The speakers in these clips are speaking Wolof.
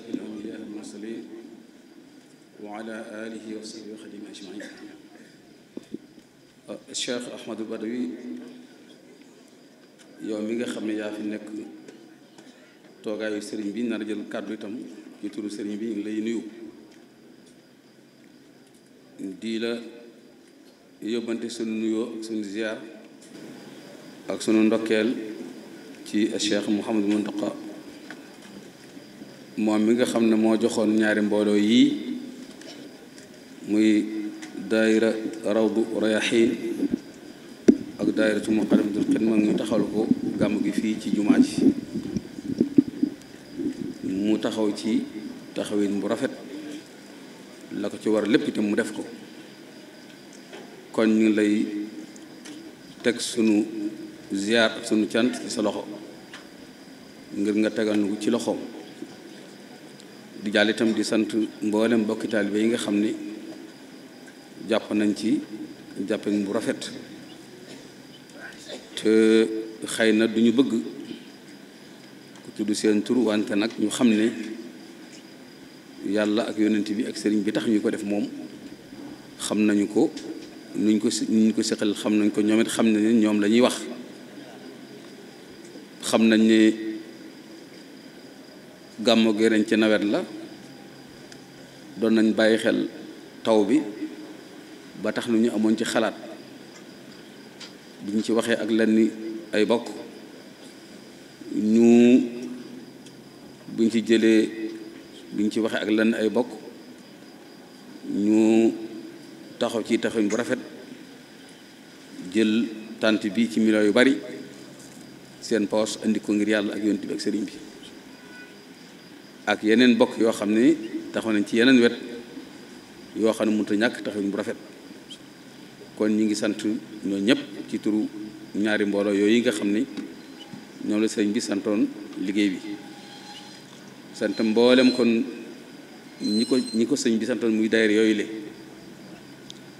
الأنبياء المرسلين وعلى yow mi nga xam ne yaa fi nekk toogaayu sëriñ bi nar a jël kàddu itam ci turu sëriñ bi ñu lay nuyu di la yóbbante sunu nuyoo sunu ziar ak sunu ndokkeel ci Cheikh mu Mountakha moom mi nga xam ne moo joxoon ñaari mbooloo yii muy daayira bu rayaxiin ak daayiratu muqaddamatul xidma ñu taxawal ko gàmm gi fii ci jumaa ji mu taxaw ci taxawin bu rafet la ko ci war lépp itam mu def ko kon ñu lay teg sunu ziyaar ak sunu cant ci sa loxo ngir nga tegal ci loxoom di jàll itam di sant mboolem mbokki taalibe yi nga xam ni jàpp nañ ci jàppin bu rafet te xëy na duñu bëgg ku tudd seen tur wante nag ñu xam ne yàlla ak yonent bi ak sëriñ bi tax ñu ko def moom xam nañu ko nuñ ko nuñ ko seqal xam nañ ko ñoom xam nañ ne ñoom lañuy wax xam nañ ne gàmmu gi ren ci nawet la doon nañ bàyyi xel taw bi ba tax na ñu amoon ci xalaat bi ñu ci waxee ak lenn ay bokk ñu buñ ci jëlee biñ ci waxee ak lenn ay bokk ñu taxaw ci taxawin bu rafet jël tànt bi ci millions yu bari seen poos indi ko ngir yàlla ak yonent bi ak sëriñ bi ak yeneen bokk yoo xam ne taxaw nañ ci yeneen wet yoo xam ne mënut a ñàkk taxawin bu rafet kon ñu ngi sant ñoo ñëpp ci turu ñaari mbooloo yooyu nga xam ne ñoom la sëriñ bi santoon liggéey bi sant mboolem kon ñi ko ñi ko sëñ bi muy daayira yooyu le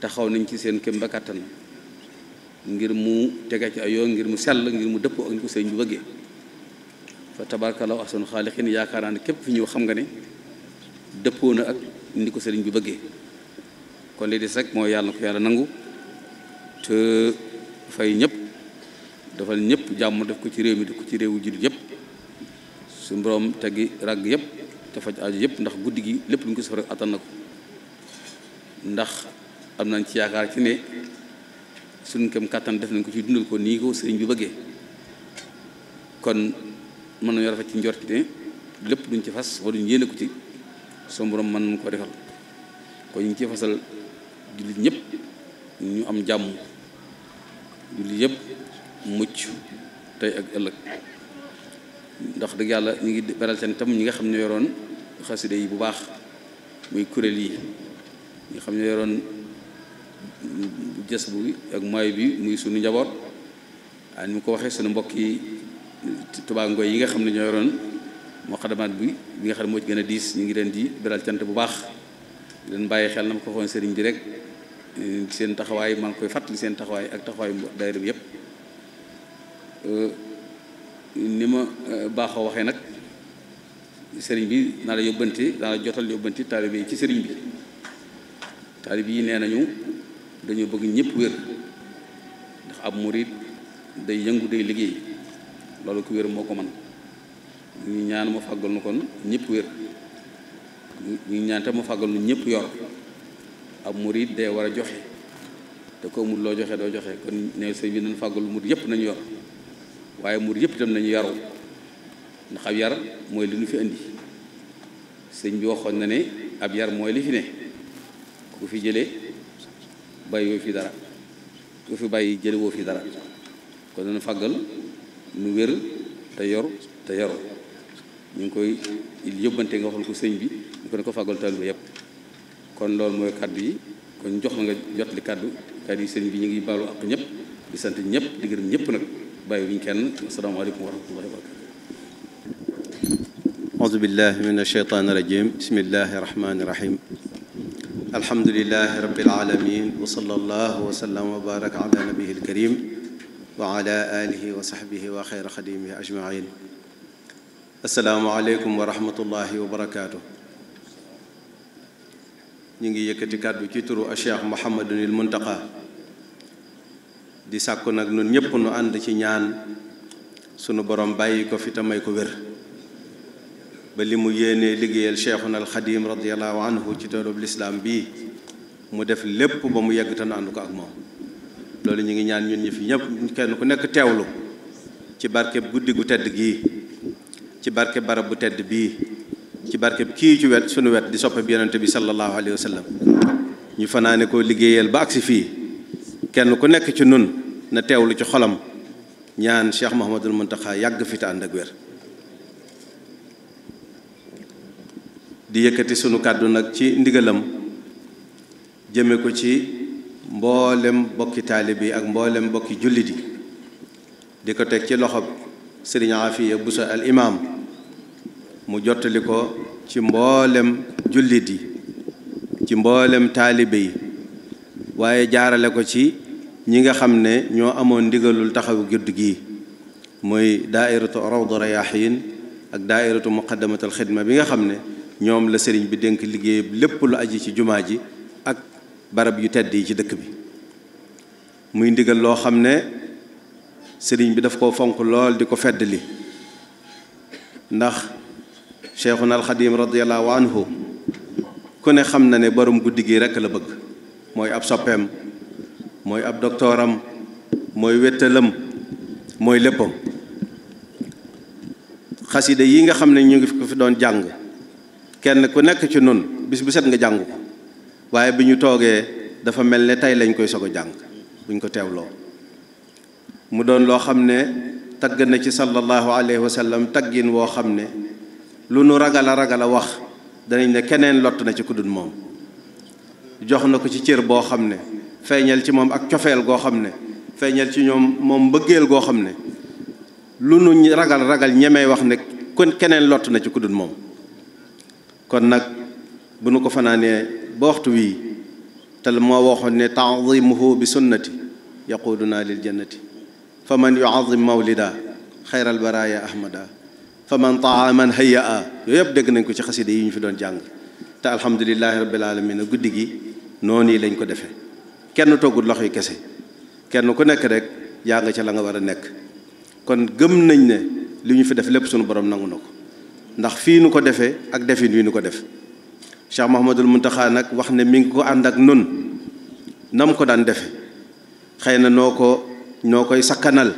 taxaw nañ ci seen kem ba kàttan ngir mu tege ci ay yoon ngir mu sell ngir mu dëppoo ak ñi ko sëñ bi bëggee fa tabaarakallaahu ahsanu xaaliqin yaakaar naa ne képp fi ñëw xam nga ne dëppoo na ak ni ko sëriñ bi bëggee kon li des rek mooy yàlla na ko yàlla nangu te fay ñëpp dafal ñëpp jàmm def ko ci réew mi def ko ci réewu jullit yépp su borom teggi ràgg yëpp te faj aju yëpp ndax guddi gi lépp lu ñu ko saf rek attan na ko ndax am nañ ci yaakaar ci ne suñu kem kàttan def nañ ko ci dundal ko nii ko sëriñ bi bëggee kon mën nañu rafet ci njort lépp duñ ci fas wala duñ yéene ko ci suñu borom mën nañu ko defal kon ñu ngi ciy fasal jullit ñëpp ñu am jàmm jullit yëpp mucc tey ak ëllëg ndax dëgg yàlla ñu ngi beral seen tam ñi nga xam ne yoroon xaside yi bu baax muy kuréel yi ñu xam ne yoroon jës bu ak mooy bi muy sunu njaboot waaye ni mu ko waxee sunu mbokk yi. Touba Ngoy yi nga xam ne ñoo yoroon muqadamaat bi bi nga xam ne moo ci gën a diis ñu ngi leen di beral cant bu baax di leen bàyyi xel na ma ko waxoon sëriñ bi rek eh, seen taxawaay maa ngi koy fàttali seen taxawaay ak taxawaay daayira bi yépp eh, ni ma eh, baaxoo waxee nag sëriñ bi naa la yóbbante naa la jotal yóbbante taalibe ci sëriñ bi taalibe yi nee nañu dañoo bëgg ñépp wér ndax ab murit day yëngu day liggéey loolu ko wér moo ko man ñu ñaan mu fàggal nu kon ñëpp wér ñu ñaan te fàggal nu ñëpp yor ab murid day war a joxe te ko amul loo joxe doo joxe kon ne sëñ bi nañ fàggal murid yëpp nañu yor waaye muur yëpp itam nañu yaru ndax ab yar mooy li ñu fi indi sëñ bi waxoon ne ab yar mooy li fi ne ku fi jëlee bàyyi woo fi dara ku fi bàyyi jële woo fi dara kon nañu fàggal nu wér te yor te yor ñu ngi koy yóbbante nga waxal ko sëñ bi ñu ko ne ko fàggal taalibe kon loolu mooy kàddu yi kon jox ma nga jot li kàddu kàddu yi sëñ bi ñu ngi baalu ak ñëpp di sant ñëpp di ñëpp nag bàyyi wu ñu kenn asalaamaaleykum wa rahmatullahi wa barakatu auzu billahi min asheytaani rajim bismillahi rahmaani rahim alhamdulilahi rabbil alamin wa sallallahu wa sallam wa baraka ala nabiyil karim wa ala alihi wa sahbihi wa xayra xadimihi ajmain asalaamu aleykum wa rahmatullahi wa barakaatu ñu ngi yëkkati kàddu ci turu Cheikh Mouhamadunil Muntaqa di sàkku nag nun ñépp nu ànd ci ñaan sunu borom bàyyi ko fi te may ko wér ba li mu yéenee liggéeyal Cheikhuna al Xadim radiallahu anhu ci toolub lislaam bii mu def lépp ba mu yegg te nu ànd ko ak moom loolu ñu ngi ñaan ñun ñi fi ñëpp kenn ku nekk teewlu ci barkeb guddi gu tedd gii ci barkeb barab bu tedd bii ci barkeb kii ci wet sunu wet di soppe bi yonent bi sallallahu alayhi wa sallam ñu fanaane koo liggéeyal ba agsi fii kenn ku nekk ci nun na teewlu ci xolam ñaan Cheikh Mouhamadul Mountakha yàgg fi te ànd di yëkkati sunu kàddu nag ci ndigalam jëme ko ci mboolem bokki taalibe yi ak mboolem bokki jullit yi di ko teg ci loxob sëriñ Afiya Buso al mu jottali ko ci mboolem jullit yi ci mboolem taalibe yi waaye jaarale ko ci ñi nga xam ne ñoo amoon ndigalul taxawu gudd gi mooy daairatu rawdu rayahin ak daairatu muqaddamatul xidma bi nga xam ne ñoom la sëriñ bi dénk liggéey lépp lu aji ci jumaa ji barab yu tedd yi ci dëkk bi muy ndigal loo xam ne sëriñ bi daf koo fonk lool di ko fedd li ndax cheikhuna alxadim radiallahu anhu ku ne xam na ne borom guddi gi rekk la bëgg mooy ab soppeem mooy ab doktooram mooy wéttalam mooy léppam xasida yi nga xam ne ñu ngi ko fi doon jàng kenn ku nekk ci nun bis bu set nga jàng ko waaye bi ñu toogee dafa mel ne tey lañ koy sog a jàng buñ ko teewloo mu doon loo xam ne tagg na ci sallallahu alayhi wa sallam taggin woo xam ne lu nu ragal a ragal a wax danañ ne keneen lott na ci ku moom jox na ko ci cër boo xam ne feeñal ci moom ak cofeel goo xam ne feeñal ci ñoom mbëggeel goo xam ne lu nu ragal ragal ñemee wax ne kon keneen lott na ci ku moom kon nag bu nu ko fanaanee ba waxtu wii te moo waxoon ne taadimuhu bi sunnati yaquduna lil jannati fa man yuadim mawlida xayral baraya ahmada fa man taa man hayya a yooyu yëpp dégg nañ ko ci xasida yi ñu fi doon jàng te alhamdulilahi rabbil alamin guddi gi noonu yi lañ ko defe kenn toggul loxo yi kese kenn ku nekk rek yaa nga ca la nga war a nekk kon gëm nañ ne li ñu fi def lépp sunu borom nangu na ko ndax fii nu ko defee ak defin wi nu ko def Cheikh Mouhamadul Mountakha nag wax ne mi ngi ko ànd ak nun nam ko daan defe xëy na noo ko noo koy sakkanal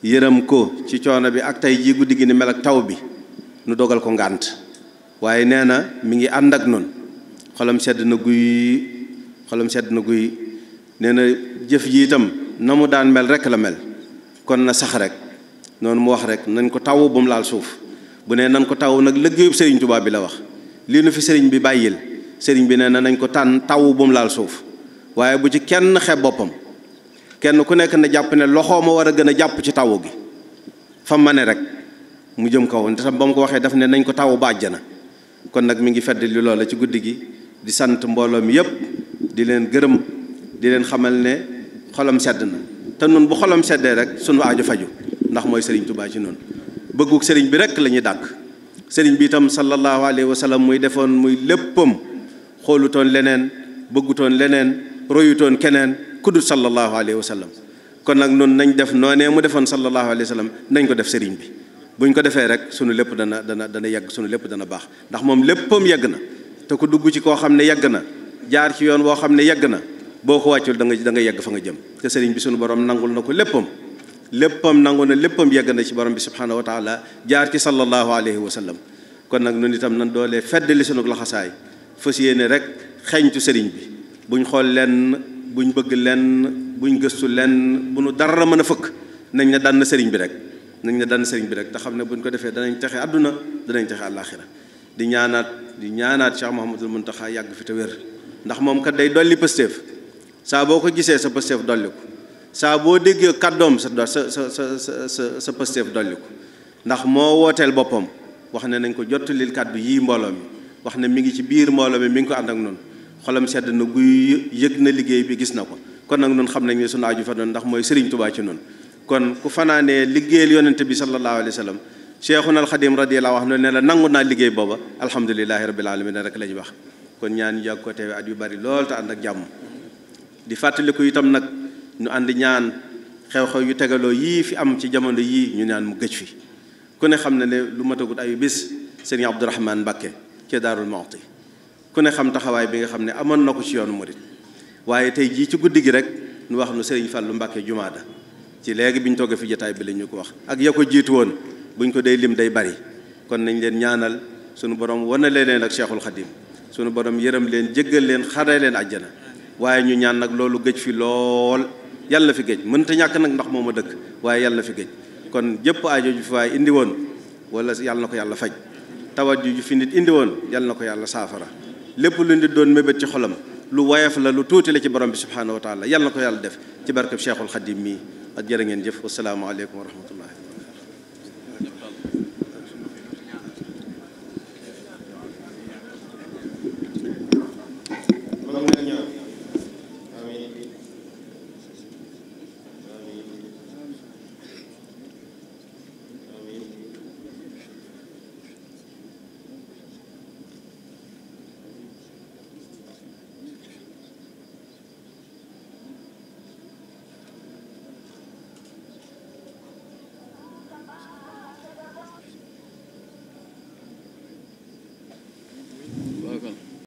yërëm ko ci coono bi ak tey jii guddi gi ni mel ak taw bi nu dogal ko ngànt waaye nee na mi ngi ànd ak nun xolam sedd na guy xolam sedd na guy nee na jëf ji itam na mu daan mel rek la mel kon na sax rek noonu mu wax rek nan ko taw ba mu laal suuf bu nee nan ko taw nag liggéeyub Sëriñ Tuubaa bi la wax lii nu fi sëriñ bi bàyyil sëriñ bi nee na nañ ko tànn taw bu mu laal suuf waaye bu ci kenn xeeb boppam kenn ku nekk na jàpp ne loxooma war a gën a jàpp ci taw gi fam ma ne rek mu jëm kaw te tam ba mu ko waxee daf ne nañ ko taw ba àjjana kon nag mi ngi fedd li loola ci guddi gi di sant mbooloo mi yépp di leen gërëm di leen xamal ne xolom sedd na te nun bu xolam seddee rek sunu aajo faju ndax mooy sëriñ Tuubaa ci noonu bëgguk sëriñ bi rek lañuy ñuy dàkk sëriñ bi itam sallallahu alayhi wa muy defoon muy léppam xoolutoon leneen bëggutoon leneen royutoon keneen kudu sallallahu alayhi wa sallam kon nag noonu nañ def noonee mu defoon sallallahu alayhi wa sallam nañ ko def sëriñ bi buñ ko defee rek sunu lépp dana dana dana yàgg sunu lépp dana baax ndax moom léppam yàgg na te ko dugg ci koo xam ne yàgg na jaar ci yoon woo xam ne yàgg na boo ko wàccul da nga da nga yegg fa nga jëm te sëriñ bi sunu borom nangul na ko léppam léppam nangu na léppam yegg na ci borom bi subhaanahu wa taala jaar ci sallallahu alayhi wa sallam kon nag nun itam nan doolee feddali sunu laxasaay fas yéene rek xeñtu sëriñ bi buñ xool lenn buñ bëgg lenn buñ gëstu lenn bu nu dara mën a fëkk nañ ne dànn sëriñ bi rek nañ ne dànn sëriñ bi rek te xam ne buñ ko defee danañ texe àdduna danañ texe àllaaxira di ñaanaat di ñaanaat Cheikh Mouhamadul Mountakha yàgg fi te wér ndax moom kat day dolli pësteef saa boo ko gisee sa pësteef dolli ko saa boo déggee kàddoom sa sa sa sa sa sa pësteef dolli ko ndax moo wooteel boppam wax na nañ ko jottalil kàddu yii mbooloo mi wax na mi ngi ci biir mbooloo mi mi ngi ko ànd ak noonu xolam sedd na guy yëg na liggéey bi gis na ko kon nag noonu xam nañ su sunu aju fa noonu ndax mooy Serigne Touba ci noonu kon ku fanaanee liggéeyal yonente bi sallallahu alayhi wa sallam cheikhuna alxadim la wax ne la nangu naa liggéey booba alhamdulilahi rabbil alamin rek la ñuy wax kon ñaan yàgg ko teewe yu bari lool te ànd ak jàmm nu ànd ñaan xew-xew yu tegaloo yii fi am ci jamono yii ñu ñaan mu gëj fi ku ne xam na ne lu matagut ayu bis Serigne Abdourahmane Mbacké ci Daarul Muxti ku ne xam taxawaay bi nga xam ne amoon na ko ci yoonu murit waaye tey jii ci guddi gi rek nu wax nu Serigne lu Mbacké jumaada ci léegi bi ñu toggee fi jotaay bi la ñu ko wax ak ya jiitu woon bu buñ ko dee lim day bari kon nañ leen ñaanal sunu borom wane leen ak Cheikhul Khadim sunu borom yërëm leen jéggal leen xare leen àjjana waaye ñu ñaan nag loolu gëj fi lool yàlla na fi géej mënta ñàkk nag ndax moom a dëkk waaye yàlla na fi géej kon jëpp aajo ju fi waaye indi woon wala yàlla na ko yàlla faj tawat ju fi nit indi woon yàlla na ko yàlla saafara lépp lu nit doon mébét ci xolam lu woyof la lu tuuti la ci borom bi subhaanahu wa taala yàlla na ko yàlla def ci barkeb cheikhul xadim mii ak jërë ngeen jëf wasalaamaaleykum wa rahmatullahi